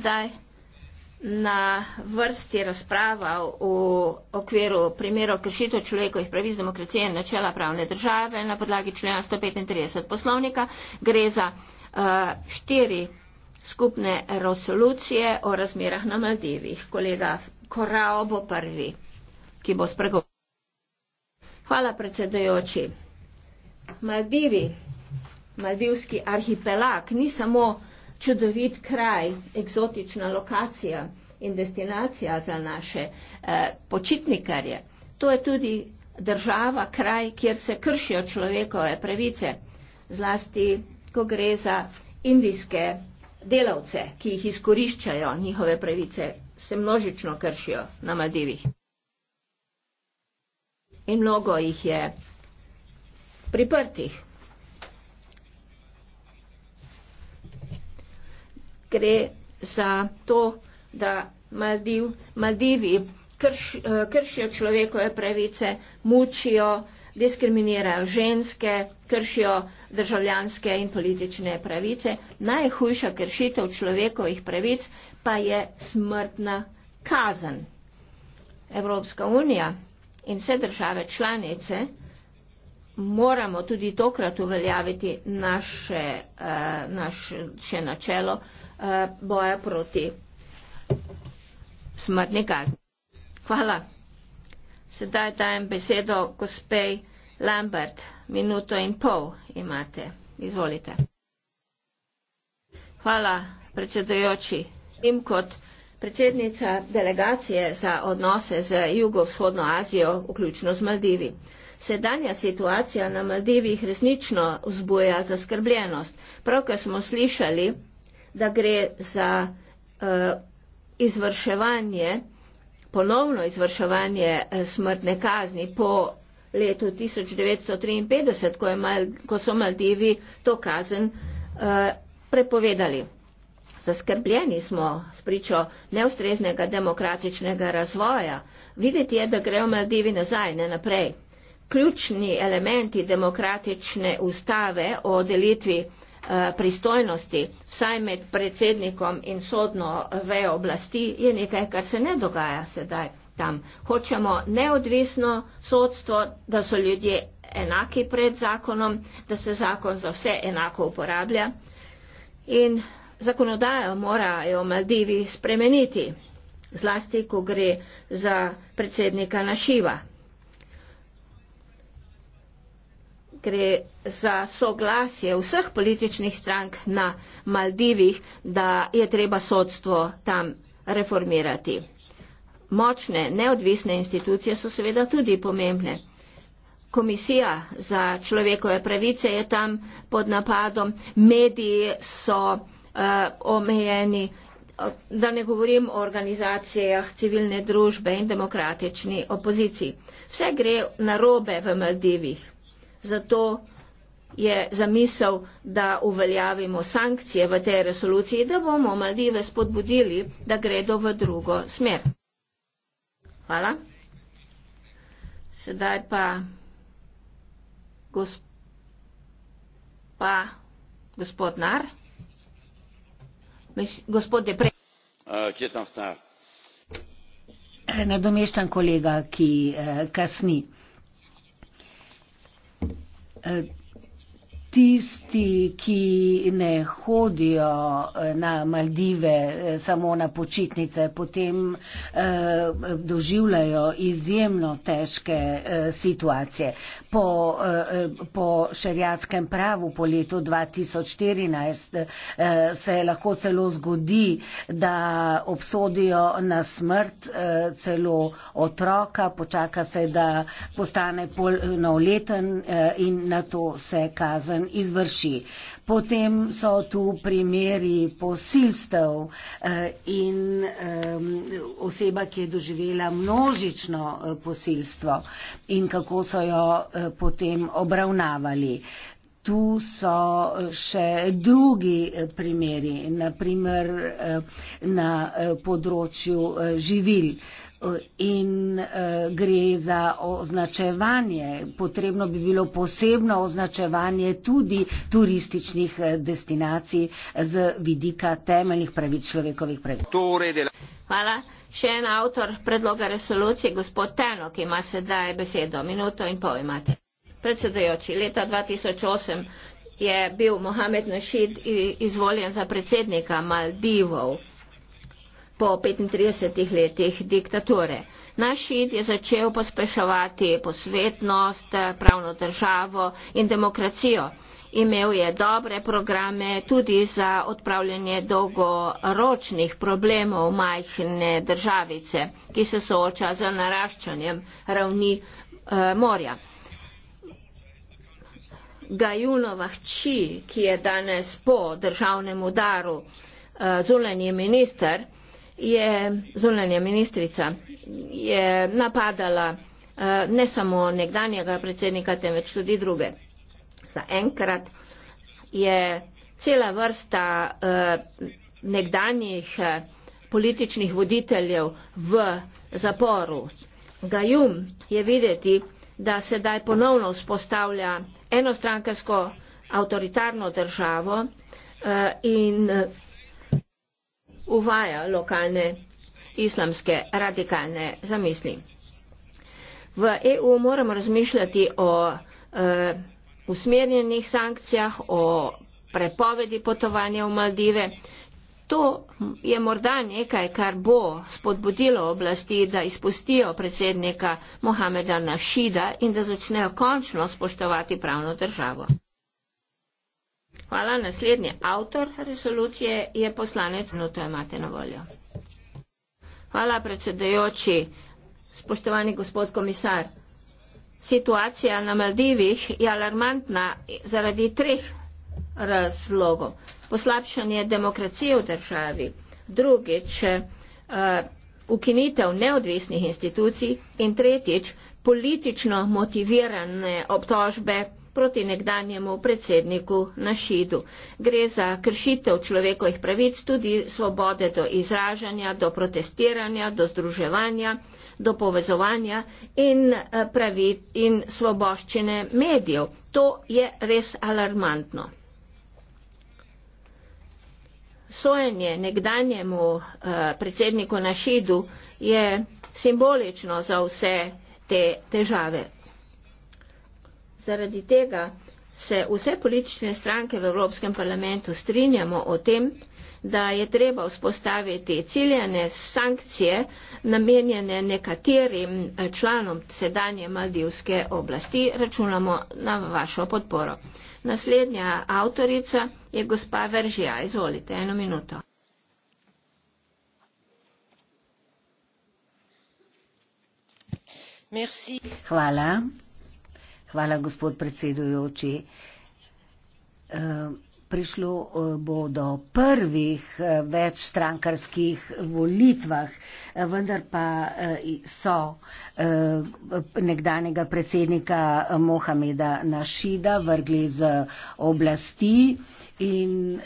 zdaj na vrsti razprava v okviru primerov kršitev človekovih pravic demokracije in načela pravne države na podlagi člena 135 poslovnika. Gre za uh, štiri skupne resolucije o razmerah na Maldivih. Kolega Korao bo prvi, ki bo spregovoril. Hvala predsedujoči. Maldivi, Maldivski arhipelag ni samo čudovit kraj, eksotična lokacija in destinacija za naše eh, počitnikarje. To je tudi država, kraj, kjer se kršijo človekove pravice, zlasti, ko gre za indijske delavce, ki jih izkoriščajo, njihove pravice se množično kršijo na Maldivih. In mnogo jih je priprtih. gre za to, da Maldiv, Maldivi krš, eh, kršijo človekove pravice, mučijo, diskriminirajo ženske, kršijo državljanske in politične pravice. Najhujša kršitev človekovih pravic pa je smrtna kazen. Evropska unija in vse države članice moramo tudi tokrat uveljaviti naše eh, naš načelo eh, boja proti smrtni kazni. Hvala. Sedaj dajem besedo gospej Lambert. Minuto in pol imate. Izvolite. Hvala, predsedujoči. Im kot predsednica delegacije za odnose z jugovzhodno Azijo, vključno z Maldivi. Sedanja situacija na Maldivih resnično vzbuja zaskrbljenost. Pravkar smo slišali, da gre za uh, izvrševanje, ponovno izvrševanje uh, smrtne kazni po letu 1953, ko, je Mal, ko so Maldivi to kazen uh, prepovedali. Zaskrbljeni smo s pričo neustreznega demokratičnega razvoja. Videti je, da grejo Maldivi nazaj, ne naprej ključni elementi demokratične ustave o delitvi eh, pristojnosti vsaj med predsednikom in sodno vejo oblasti je nekaj, kar se ne dogaja sedaj tam. Hočemo neodvisno sodstvo, da so ljudje enaki pred zakonom, da se zakon za vse enako uporablja in zakonodajo morajo Maldivi spremeniti, zlasti, ko gre za predsednika Našiva. gre za soglasje vseh političnih strank na Maldivih, da je treba sodstvo tam reformirati. Močne, neodvisne institucije so seveda tudi pomembne. Komisija za človekove pravice je tam pod napadom, mediji so uh, omejeni, da ne govorim o organizacijah civilne družbe in demokratični opoziciji. Vse gre na robe v Maldivih zato je zamisel, da uveljavimo sankcije v tej resoluciji, da bomo Maldive spodbudili, da gredo v drugo smer. Hvala. Sedaj pa gospa, gospod Nar. Gospod Depre. Kje tam star? Nadomeščan kolega, ki eh, kasni. Uh, tisti, ki ne hodijo eh, na Maldive eh, samo na počitnice, potem eh, doživljajo izjemno težke eh, situacije. Po, eh, po šerjatskem pravu po letu 2014 eh, se lahko celo zgodi, da obsodijo na smrt eh, celo otroka, počaka se, da postane polnoleten eh, in na to se kazen kazen izvrši. Potem so tu primeri posilstev eh, in oseba, ki je doživela množično eh, posilstvo in kako so jo eh, potem obravnavali. Tu so še drugi primeri, naprimer na področju živil in uh, gre za označevanje. Potrebno bi bilo posebno označevanje tudi turističnih eh, destinacij z vidika temeljnih pravic človekovih pravic. Hvala. Še en avtor predloga resolucije, gospod Teno, ki ima sedaj besedo. Minuto in pol imate. Predsedajoči, leta 2008 je bil Mohamed Nasid izvoljen za predsednika Maldivov po 35 letih diktature. Naš id je začel pospeševati posvetnost, pravno državo in demokracijo. Imel je dobre programe tudi za odpravljanje dolgoročnih problemov majhne državice, ki se sooča z naraščanjem ravni e, morja. Gajunova hči, ki je danes po državnem udaru e, zunanji minister, je zunanja ministrica je napadala eh, ne samo nekdanjega predsednika, temveč tudi druge. Za enkrat je cela vrsta eh, nekdanjih eh, političnih voditeljev v zaporu. Gajum je videti, da sedaj ponovno vzpostavlja enostrankarsko avtoritarno državo in uvaja lokalne islamske radikalne zamisli. V EU moramo razmišljati o e, usmerjenih sankcijah, o prepovedi potovanja v Maldive. To je morda nekaj, kar bo spodbudilo oblasti, da izpustijo predsednika Mohameda Našida in da začnejo končno spoštovati pravno državo. Hvala. Naslednji avtor resolucije je poslanec. Minuto imate na voljo. Hvala, predsedajoči. Spoštovani gospod komisar. Situacija na Maldivih je alarmantna zaradi treh razlogov. Poslabšanje demokracije v državi, drugič, eh, ukinitev neodvisnih institucij in tretjič, politično motivirane obtožbe proti nekdanjemu predsedniku Našidu. Gre za kršitev človekovih pravic, tudi svobode do izražanja, do protestiranja, do združevanja, do povezovanja in, eh, pravic, in svoboščine medijev. To je res alarmantno. Sojenje nekdanjemu uh, predsedniku Našidu je simbolično za vse te težave. Zaradi tega se vse politične stranke v Evropskem parlamentu strinjamo o tem, da je treba vzpostaviti ciljene sankcije namenjene nekaterim eh, članom sedanje maldivske oblasti. Računamo na vašo podporo. Naslednja avtorica je gospa Veržija. Izvolite eno minuto. Hvala. Hvala, gospod predsedujoči. Eh, prišlo eh, bo do prvih eh, večstrankarskih volitvah, vendar pa so nekdanjega predsednika Mohameda Našida vrgli z oblasti in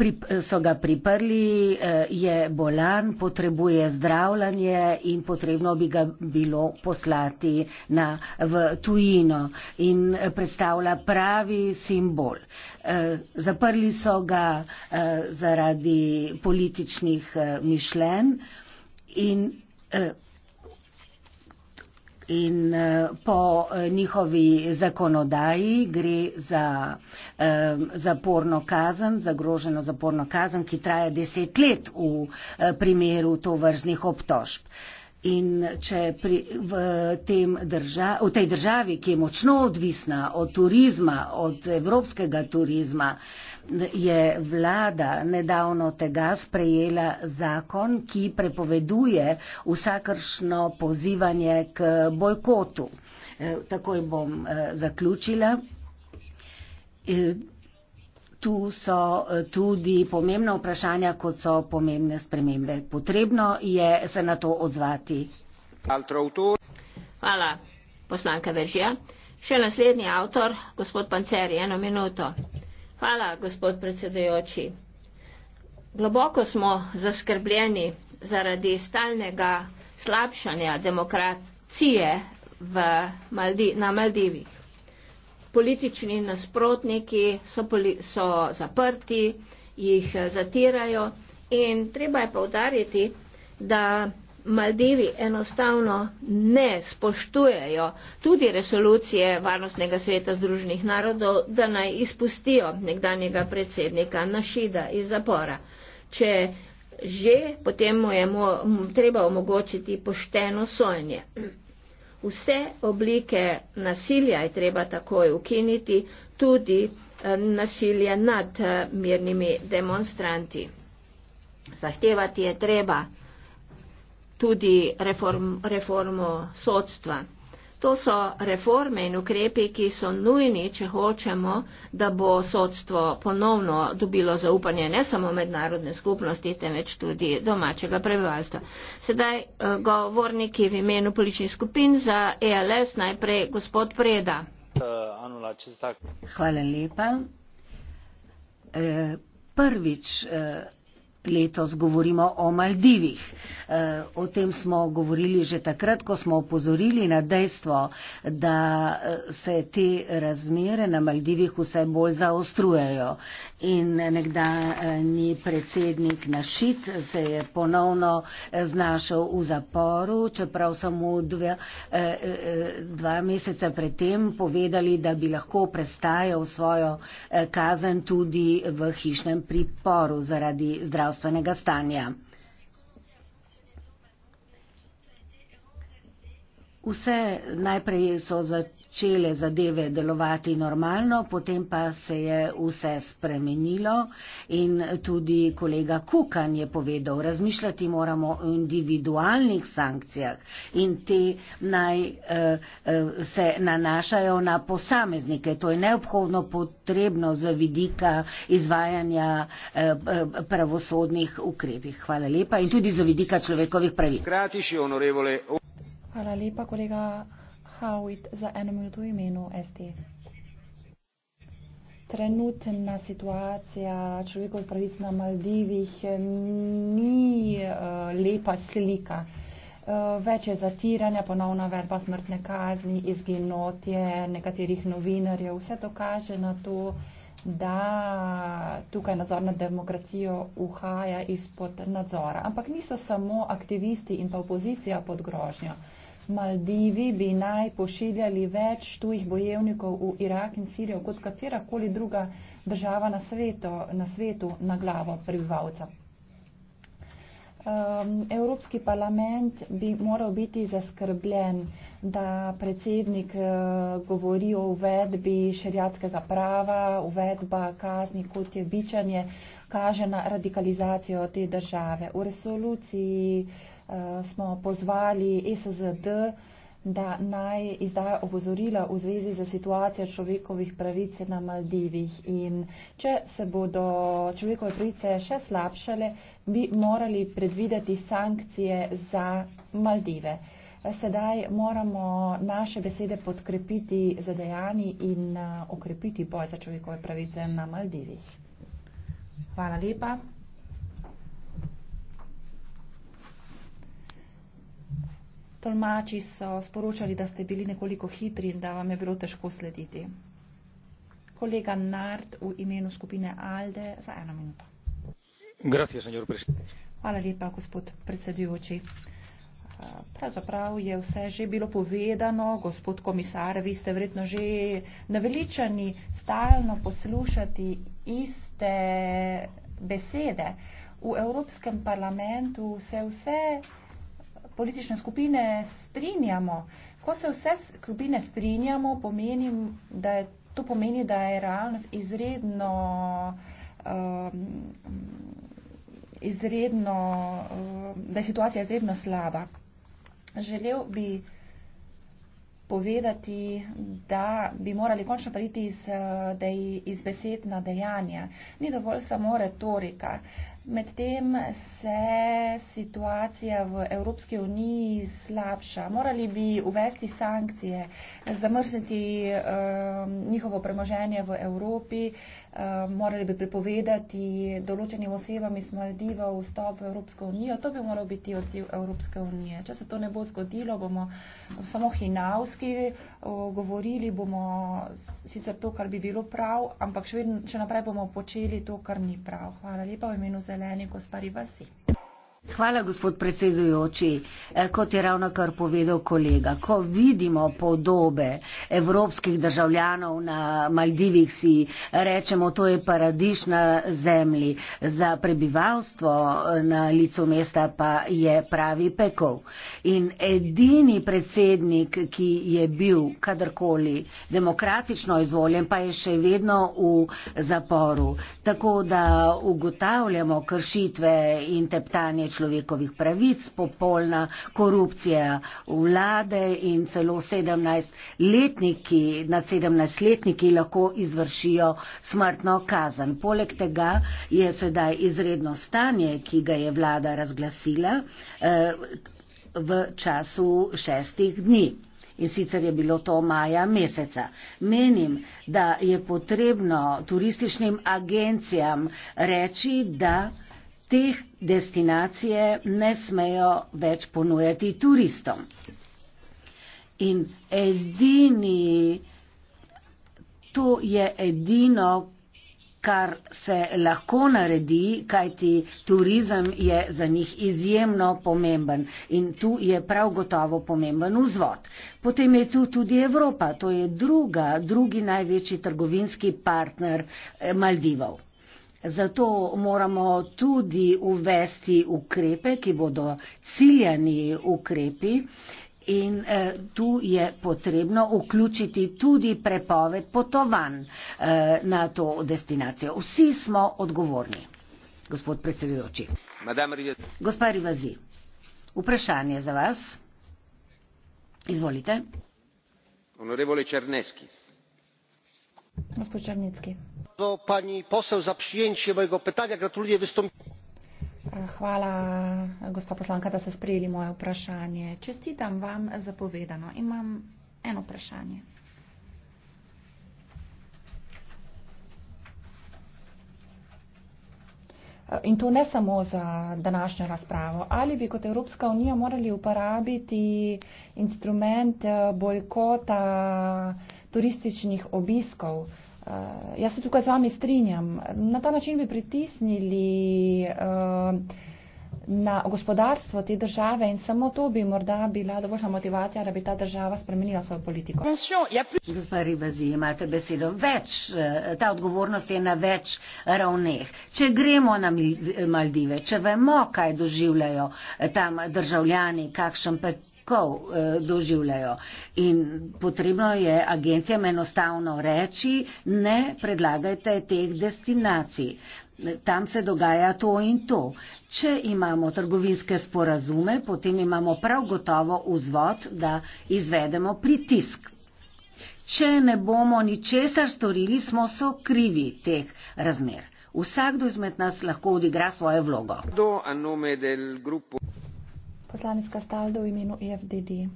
pri, so ga priprli, eh, je bolan, potrebuje zdravljanje in potrebno bi ga bilo poslati na, v tujino in predstavlja pravi simbol. Eh, zaprli so ga eh, zaradi političnih mišljenj in in eh, po eh, njihovi zakonodaji gre za eh, zaporno kazen, zagroženo zaporno kazen, ki traja deset let v primeru tovrznih obtožb. In če pri, v, drža, v tej državi, ki je močno odvisna od turizma, od evropskega turizma, je vlada nedavno tega sprejela zakon, ki prepoveduje vsakršno pozivanje k bojkotu. E, takoj bom e, zaključila. E, tu so eh, tudi pomembna vprašanja, kot so pomembne spremembe. Potrebno je se na to odzvati. Hvala, poslanka Veržija. Še naslednji avtor, gospod Panceri, eno minuto. Hvala, gospod predsedujoči. Globoko smo zaskrbljeni zaradi stalnega slabšanja demokracije v Maldi na Maldivih politični nasprotniki so, poli, so zaprti, jih eh, zatirajo in treba je povdariti, da Maldivi enostavno ne spoštujejo tudi resolucije Varnostnega sveta Združenih narodov, da naj izpustijo nekdanjega predsednika Našida iz zapora. Če že, potem mu je mu, treba omogočiti pošteno sojenje. Vse oblike nasilja je treba takoj ukiniti, tudi eh, nasilje nad eh, mirnimi demonstranti. Zahtevati je treba tudi reform, reformo sodstva. To so reforme in ukrepi, ki so nujni, če hočemo, da bo sodstvo ponovno dobilo zaupanje ne samo mednarodne skupnosti, temveč tudi domačega prebivalstva. Sedaj eh, govorniki v imenu političnih skupin za ELS, najprej gospod Preda. Hvala lepa. Eh, prvič eh, Letos govorimo o Maldivih. E, o tem smo govorili že takrat, ko smo opozorili na dejstvo, da e, se te razmere na Maldivih vse bolj zaostrujejo. In nekdani predsednik Našit se je ponovno e, znašel v zaporu, čeprav so mu dve, dva meseca predtem povedali, da bi lahko prestajal svojo kazen tudi v hišnem priporu zaradi zdravstvenega zdravstvenega stanja. Vse najprej so začele zadeve delovati normalno, potem pa se je vse spremenilo in tudi kolega Kukan je povedal, razmišljati moramo o individualnih sankcijah in te naj eh, eh se nanašajo na posameznike. To je neobhodno potrebno za vidika izvajanja eh, eh, pravosodnih ukrepih. Hvala lepa in tudi za vidika človekovih pravic. Hvala lepa, kolega Howitt, za eno minuto v imenu ST. Trenutna situacija človekov pravic na Maldivih eh, ni uh, lepa slika. Uh, več je zatiranja, ponovna verba smrtne kazni, izginotje nekaterih novinarjev. Vse to kaže na to, da tukaj nadzor nad demokracijo uhaja izpod nadzora. Ampak niso samo aktivisti in pa opozicija pod grožnjo. Uh, Maldivi bi naj pošiljali več tujih bojevnikov v Irak in Sirijo kot katerakoli druga država na, sveto, na svetu na glavo prebivalca. Um, Evropski parlament bi moral biti zaskrbljen, da predsednik uh, govori o uvedbi šerjatskega prava, uvedba kazni kot je bičanje, kaže na radikalizacijo te države. V resoluciji uh, Eh, smo pozvali ESZD, da naj izdajo opozorila v zvezi za situacijo človekovih pravic na Maldivih. In če se bodo človekove pravice še slabšale, bi morali predvideti sankcije za Maldive. Eh, sedaj moramo naše besede podkrepiti za dejani in eh, okrepiti boj za človekove pravice na Maldivih. Hvala lepa. Tolmači so sporočali, da ste bili nekoliko hitri in da vam je bilo težko slediti. Kolega Nard v imenu skupine Alde za eno minuto. Hvala lepa, gospod predsedujoči. Eh, pravzaprav je vse že bilo povedano, gospod komisar, vi ste verjetno že naveličani stalno poslušati iste besede. V Evropskem parlamentu se vse politične skupine strinjamo, ko se vse skupine strinjamo, pomeni, da je, to pomeni, da je realnost izredno, um, izredno, um, da je situacija izredno slaba. Želel bi povedati, da bi morali končno priti iz, uh, iz besed na dejanja. Ni dovolj samo retorika. Uh, Medtem se situacija v Evropski uniji slabša. Morali bi uvesti sankcije, zamrzniti um, njihovo premoženje v Evropi, um, morali bi prepovedati določenim osebam iz Maldiva vstop v Evropsko unijo. To bi moral biti odziv Evropske unije. Če se to ne bo zgodilo, bomo samo hinavski govorili, bomo sicer to, kar bi bilo prav, ampak še, vedno, še naprej bomo počeli to, kar ni prav. Hvala lepa v imenu zeleni gospari vasi. Hvala, gospod predsedujoči. Eh, kot je ravno kar povedal kolega, ko vidimo podobe evropskih državljanov na Maldivih, si rečemo, to je paradiš na zemlji. Za prebivalstvo eh, na licu mesta pa je pravi pekov. In edini predsednik, ki je bil kadarkoli demokratično izvoljen, pa je še vedno v zaporu. Tako da ugotavljamo kršitve in teptanje človekovih pravic, popolna korupcija vlade in celo 17-letniki, nad 17-letniki lahko izvršijo smrtno kazen. Poleg tega je sedaj izredno stanje, ki ga je vlada razglasila eh, v času šestih dni. In sicer je bilo to maja meseca. Menim, da je potrebno turističnim agencijam reči, da teh destinacije ne smejo več ponujati turistom. In edini, to je edino, kar se lahko naredi, kajti turizem je za njih izjemno pomemben in tu je prav gotovo pomemben vzvod. Potem je tu tudi Evropa, to je druga, drugi največji trgovinski partner eh, Maldivov. Zato moramo tudi uvesti ukrepe, ki bodo ciljani ukrepi. In eh, tu je potrebno vključiti tudi prepoved potovanj eh, na to destinacijo. Vsi smo odgovorni, gospod predsedujoči. Gospa Rivazi, vprašanje za vas. Izvolite. Gospod Črnecki bardzo pani poseł za przyjęcie mojego pytania. Gratuluję wystąpienia. Hvala, gospa poslanka, da ste sprejeli moje vprašanje. Čestitam vam zapovedano. Imam eno vprašanje. In to ne samo za današnjo razpravo. Ali bi kot Evropska unija morali uporabiti instrument eh, bojkota turističnih obiskov? Eh, jaz se tukaj z vami strinjam. Na ta način bi pritisnili uh, na gospodarstvo te države in samo to bi morda bila dovoljša motivacija, da bi ta država spremenila svojo politiko. Gospa Ribazi, imate besedo. Več, eh, ta odgovornost je na več ravneh. Če gremo na Maldive, če vemo, kaj doživljajo eh, tam državljani, kakšen pet eh, doživljajo. In potrebno je agencijam enostavno reči, ne predlagajte teh destinacij tam se dogaja to in to. Če imamo trgovinske sporazume, potem imamo prav gotovo vzvod, da izvedemo pritisk. Če ne bomo ničesar storili, smo so krivi teh razmer. Vsakdo izmed nas lahko odigra svojo vlogo. Poslanec Kastaldo v imenu EFDD.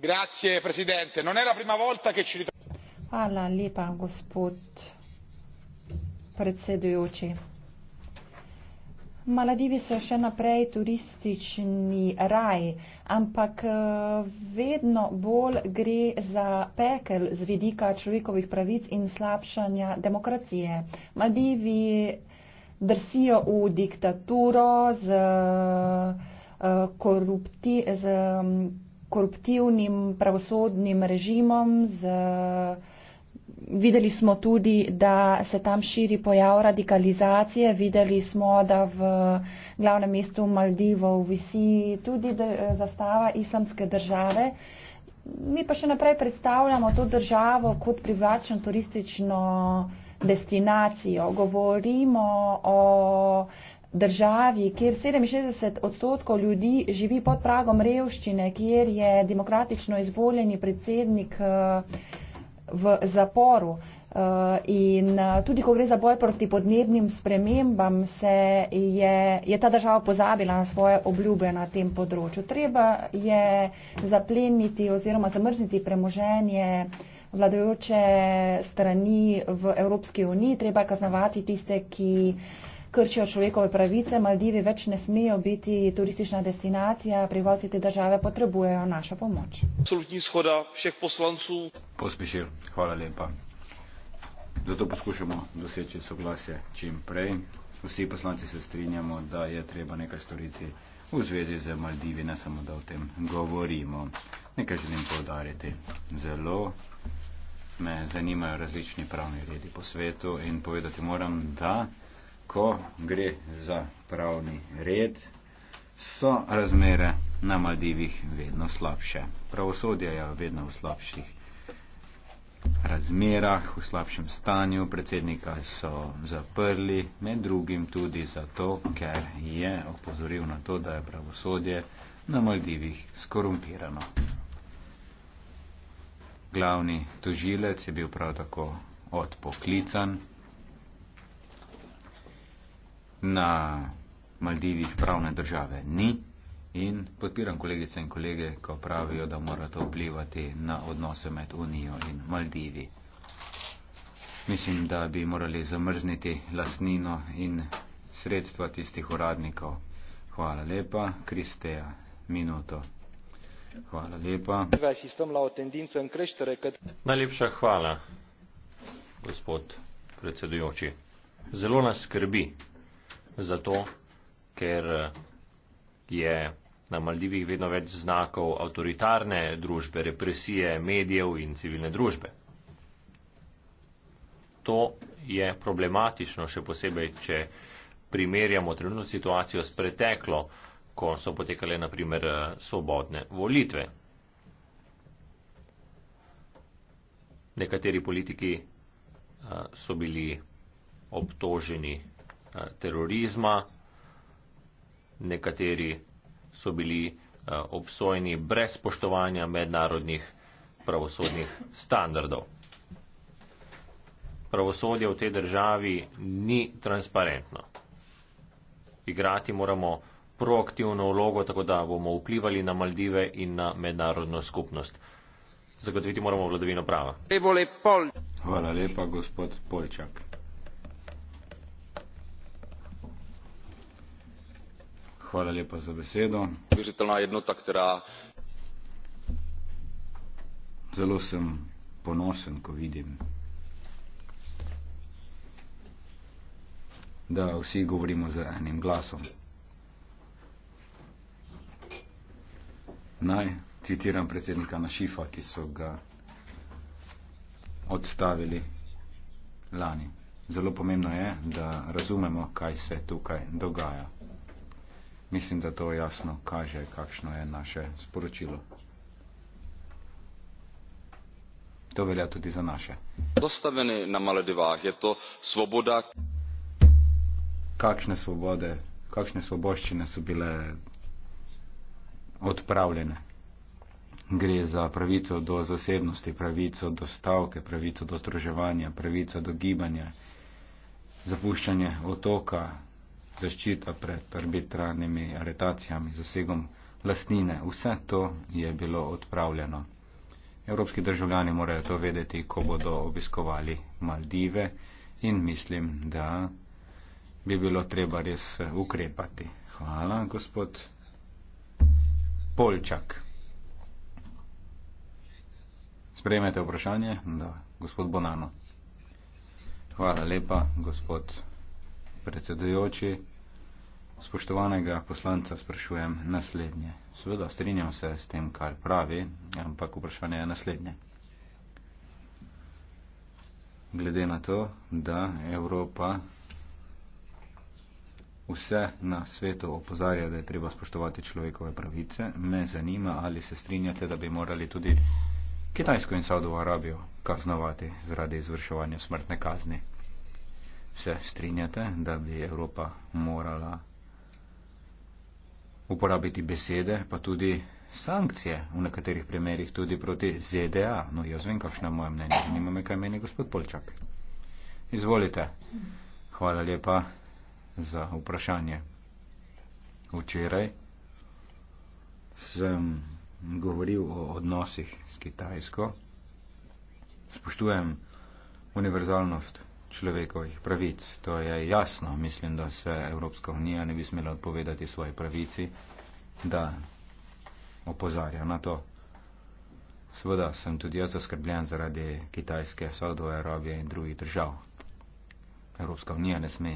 Grazie, Hvala lepa, gospod predsedujoči. Maledivi so še naprej turistični raj, ampak eh, vedno bolj gre za pekel z vidika človekovih pravic in slabšanja demokracije. Maledivi drsijo v diktaturo z, eh, korupti, z mm, koruptivnim pravosodnim režimom, z videli smo tudi, da se tam širi pojav radikalizacije, videli smo, da v glavnem mestu Maldivov visi tudi eh, zastava islamske države. Mi pa še naprej predstavljamo to državo kot privlačno turistično destinacijo. Govorimo o državi, kjer 67 odstotkov ljudi živi pod pragom revščine, kjer je demokratično izvoljeni predsednik uh, v zaporu. Eh, in eh, tudi, ko gre za boj proti podnebnim spremembam, se je, je ta država pozabila na svoje obljube na tem področju. Treba je zapleniti oziroma zamrzniti premoženje vladajoče strani v Evropski uniji, treba je kaznovati tiste, ki uh, krčijo človekove pravice. Maldivi več ne smejo biti turistična destinacija, prihodci te države potrebujejo našo pomoč. Absolutni shoda vseh poslancev. Pospešil, hvala lepa. Zato poskušamo doseči soglasje čim prej. Vsi poslanci se strinjamo, da je treba nekaj storiti v zvezi z Maldivi, ne samo da o tem govorimo. Nekaj želim povdariti. Zelo me zanimajo različni pravni redi po svetu in povedati moram, da ko gre za pravni red, so razmere na Maldivih vedno slabše. Pravosodje je vedno v slabših razmerah, v slabšem stanju. Predsednika so zaprli, med drugim tudi zato, ker je opozoril na to, da je pravosodje na Maldivih skorumpirano. Glavni tožilec je bil prav tako odpoklican na Maldivih pravne države ni in podpiram kolegice in kolege, ko pravijo, da mora to vplivati na odnose med Unijo in Maldivi. Mislim, da bi morali zamrzniti lasnino in sredstva tistih uradnikov. Hvala lepa, Kristeja, minuto. Hvala lepa. Najlepša hvala, gospod predsedujoči. Zelo nas skrbi, zato, ker eh, je na Maldivih vedno več znakov avtoritarne družbe, represije medijev in civilne družbe. To je problematično, še posebej, če primerjamo trenutno situacijo s preteklo, ko so potekale naprimer eh, svobodne volitve. Nekateri politiki eh, so bili obtoženi Eh, terorizma, nekateri so bili eh, obsojeni brez spoštovanja mednarodnih pravosodnih standardov. Pravosodje v tej državi ni transparentno. Igrati moramo proaktivno vlogo, tako da bomo vplivali na Maldive in na mednarodno skupnost. Zagotoviti moramo vladavino prava. Hvala lepa, gospod Polčak. hvala lepa za besedo zelo sem ponosen ko vidim da vsi govorimo z enim glasom naj citiram predsednika Našifa ki so ga odstavili lani zelo pomembno je da razumemo kaj se tukaj dogaja Mislim, da to jasno kaže, kakšno je naše sporočilo. To velja tudi za naše. Zastaveni na Maledivah je to svoboda. Kakšne svobode, kakšne svoboščine so bile odpravljene? Gre za pravico do zasebnosti, pravico do stavke, pravico do združevanja, pravico do gibanja, zapuščanje otoka, zaščita pred arbitrarnimi aretacijami, zasegom lastnine. Vse to je bilo odpravljeno. Evropski državljani morajo to vedeti, ko bodo obiskovali Maldive in mislim, da bi bilo treba res ukrepati. Hvala, gospod Polčak. Sprejmete vprašanje? Da, gospod Bonano. Hvala lepa, gospod predsedujoči spoštovanega poslanca sprašujem naslednje. Sveda strinjam se s tem, kar pravi, ampak vprašanje je naslednje. Glede na to, da Evropa vse na svetu opozarja, da je treba spoštovati človekove pravice, me zanima, ali se strinjate, da bi morali tudi Kitajsko in Saudovo Arabijo kaznovati zaradi izvrševanja smrtne kazni. Se strinjate, da bi Evropa morala uporabiti besede, pa tudi sankcije, v nekaterih primerjih tudi proti ZDA. No, jaz vem, kakšno je moje mnenje, zanima me, kaj meni gospod Polčak. Izvolite. Hvala lepa za vprašanje. Včeraj sem govoril o odnosih s Kitajsko. Spoštujem univerzalnost človekovih pravic. To je jasno. Mislim, da se Evropska unija ne bi smela odpovedati svoji pravici, da opozarja na to. Sveda sem tudi jaz zaskrbljen zaradi Kitajske, Saudove Arabije in drugih držav. Evropska unija ne sme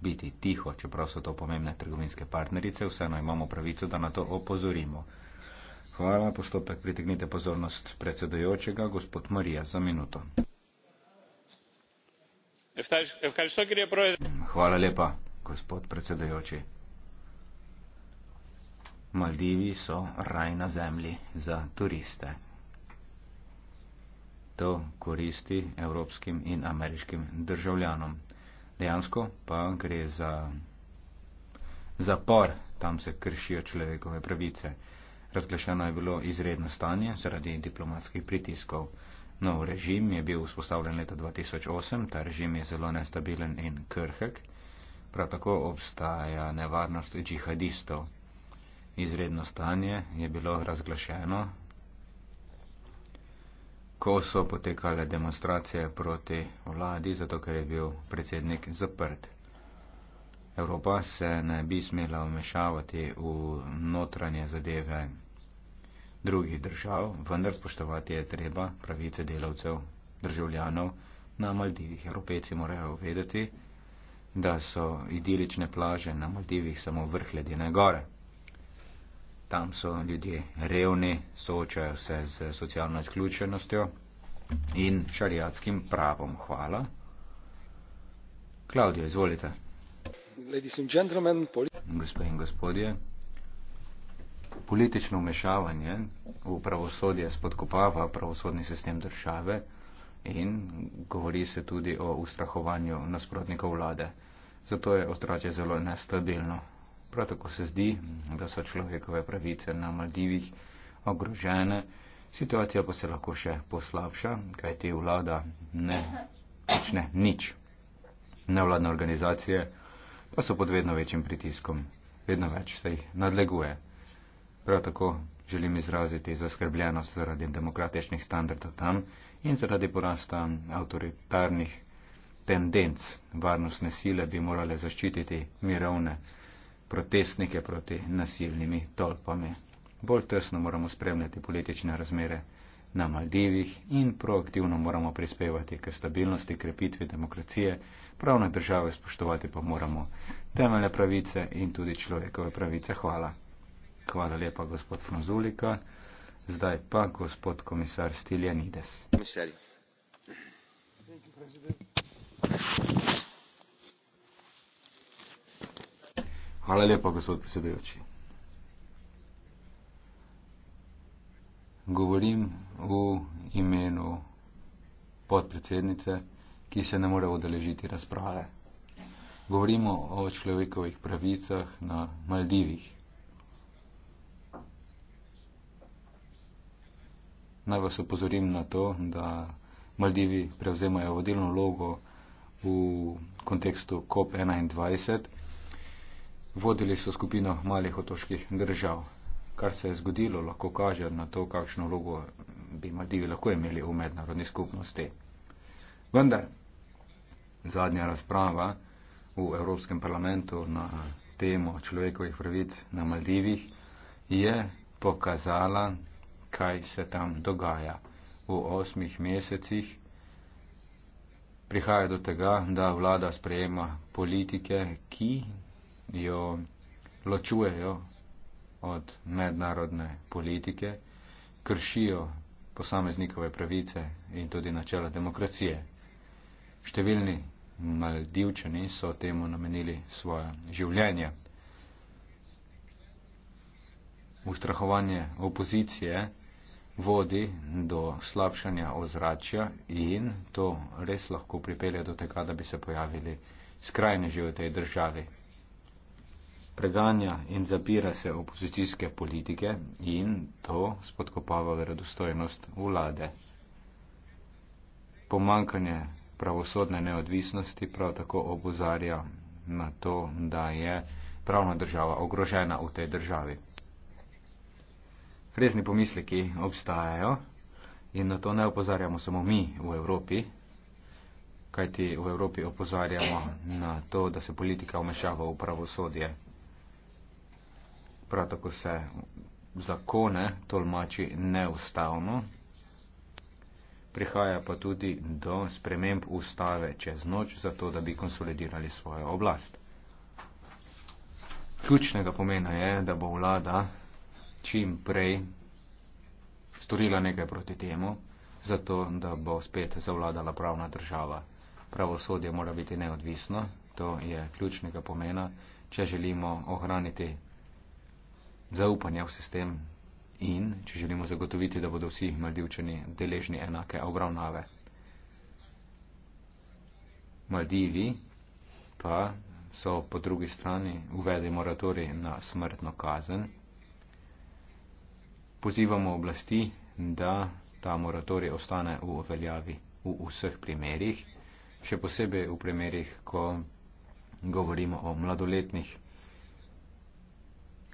biti tiho, čeprav so to pomembne trgovinske partnerice, vseeno imamo pravico, da na to opozorimo. Hvala, postopek pritegnite pozornost predsedojočega, gospod Marija, za minuto. Hvala lepa, gospod predsedujoči. Maldivi so raj na zemlji za turiste. To koristi evropskim in ameriškim državljanom. Dejansko pa gre za zapor, tam se kršijo človekove pravice. Razglašeno je bilo izredno stanje zaradi diplomatskih pritiskov. Nov režim je bil vzpostavljen leta 2008, ta režim je zelo nestabilen in krhek, prav tako obstaja nevarnost džihadistov. Izredno stanje je bilo razglašeno, ko so potekale demonstracije proti vladi, zato ker je bil predsednik zaprt. Evropa se ne bi smela vmešavati v notranje zadeve drugih držav, vendar spoštovati je treba pravice delavcev, državljanov na Maldivih. Evropejci morajo vedeti, da so idilične plaže na Maldivih samo vrh ledene gore. Tam so ljudje revni, soočajo se z socialno izključenostjo in šariatskim pravom. Hvala. Klaudijo, izvolite. Gospe in gospodje politično umešavanje v pravosodje spodkopava pravosodni sistem države in govori se tudi o ustrahovanju nasprotnikov vlade. Zato je ostrače zelo nestabilno. Prav tako se zdi, da so človekove pravice na Maldivih ogrožene. Situacija pa se lahko še poslabša, kajti vlada ne počne nič. Nevladne organizacije pa so pod vedno večjim pritiskom. Vedno več se jih nadleguje. Prav tako želim izraziti zaskrbljenost zaradi demokratičnih standardov tam in zaradi porasta avtoritarnih tendenc. Varnostne sile bi morale zaščititi mirovne protestnike proti nasilnimi tolpami. Bolj tesno moramo spremljati politične razmere na Maldivih in proaktivno moramo prispevati k stabilnosti, krepitvi demokracije, pravne države spoštovati pa moramo temeljne pravice in tudi človekove pravice. Hvala. Hvala lepa, gospod Fonzulika. Zdaj pa gospod komisar Stiljanides. Hvala lepa, gospod predsedujoči. Govorim v imenu podpredsednice, ki se ne more odeležiti razprave. Govorimo o človekovih pravicah na Maldivih. Naj vas upozorim na to, da Maldivi prevzemajo vodilno logo v kontekstu COP21. Vodili so skupino malih otoških držav. Kar se je zgodilo, lahko kaže na to, kakšno logo bi Maldivi lahko imeli v mednarodni skupnosti. Vendar, zadnja razprava v Evropskem parlamentu na temo človekovih pravic na Maldivih je pokazala, kaj se tam dogaja. V osmih mesecih prihaja do tega, da vlada sprejema politike, ki jo ločujejo od mednarodne politike, kršijo posameznikove pravice in tudi načela demokracije. Številni maldivčani so temu namenili svoje življenje. Ustrahovanje opozicije vodi do slabšanja ozračja in to res lahko pripelje do tega, da bi se pojavili skrajneži v tej državi. Preganja in zapira se opozicijske politike in to spodkopava verodostojnost vlade. Pomankanje pravosodne neodvisnosti prav tako obozarja na to, da je pravna država ogrožena v tej državi resni pomisleki obstajajo in na to ne opozarjamo samo mi v Evropi, kajti v Evropi opozarjamo na to, da se politika vmešava v pravosodje. Prav tako se zakone tolmači neustavno, prihaja pa tudi do sprememb ustave čez noč, zato da bi konsolidirali svojo oblast. Ključnega pomena je, da bo vlada čim prej storila nekaj proti temu, zato da bo spet zavladala pravna država. Pravosodje mora biti neodvisno, to je ključnega pomena, če želimo ohraniti zaupanje v sistem in če želimo zagotoviti, da bodo vsi maldivčani deležni enake obravnave. Maldivi pa so po drugi strani uvedli moratori na smrtno kazen pozivamo oblasti, da ta moratorij ostane v uveljavi v vseh primerjih, še posebej v primerjih, ko govorimo o mladoletnih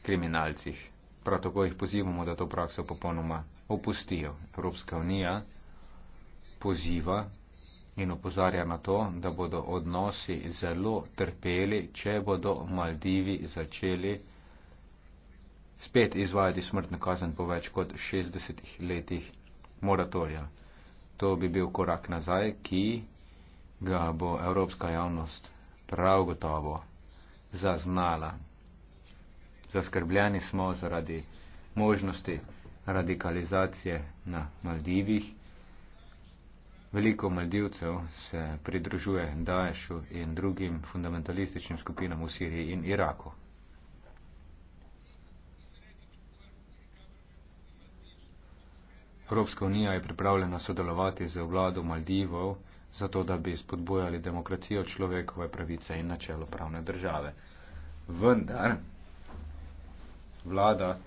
kriminalcih. Prav tako jih pozivamo, da to prakso popolnoma opustijo. Evropska unija poziva in opozarja na to, da bodo odnosi zelo trpeli, če bodo Maldivi začeli spet izvajati smrtno kazen po več kot 60 letih moratorija. To bi bil korak nazaj, ki ga bo evropska javnost prav gotovo zaznala. Zaskrbljeni smo zaradi možnosti radikalizacije na Maldivih. Veliko Maldivcev se pridružuje Daešu in drugim fundamentalističnim skupinam v Siriji in Iraku. Evropska unija je pripravljena sodelovati z vlado Maldivov, zato da bi spodbojali demokracijo, človekove pravice in načelo pravne države. Vendar, vlada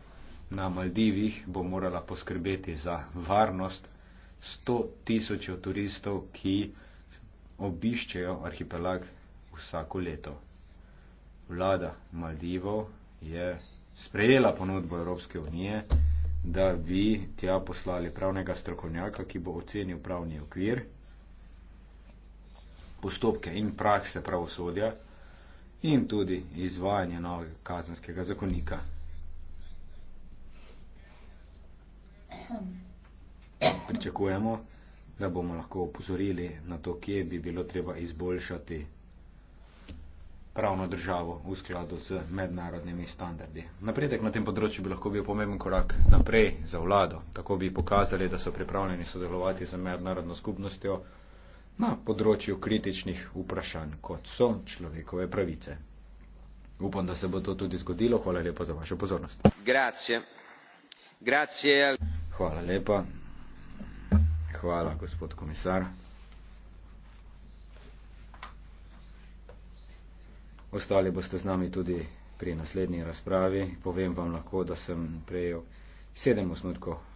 na Maldivih bo morala poskrbeti za varnost 100 tisočev turistov, ki obiščejo arhipelag vsako leto. Vlada Maldivov je sprejela ponudbo Evropske unije, da vi tja poslali pravnega strokovnjaka, ki bo ocenil pravni okvir, postopke in prakse pravosodja in tudi izvajanje novega kazanskega zakonika. Pričakujemo, da bomo lahko upozorili na to, kje bi bilo treba izboljšati pravno državo v skladu z mednarodnimi standardi. Napredek na tem področju bi lahko bil pomemben korak naprej za vlado. Tako bi pokazali, da so pripravljeni sodelovati z mednarodno skupnostjo na področju kritičnih vprašanj, kot so človekove pravice. Upam, da se bo to tudi zgodilo. Hvala lepa za vašo pozornost. Grazie. Grazie. Hvala lepa. Hvala, gospod komisar. Ostali boste z nami tudi pri naslednji razpravi. Povem vam lahko, da sem prejel sedem osnutkov.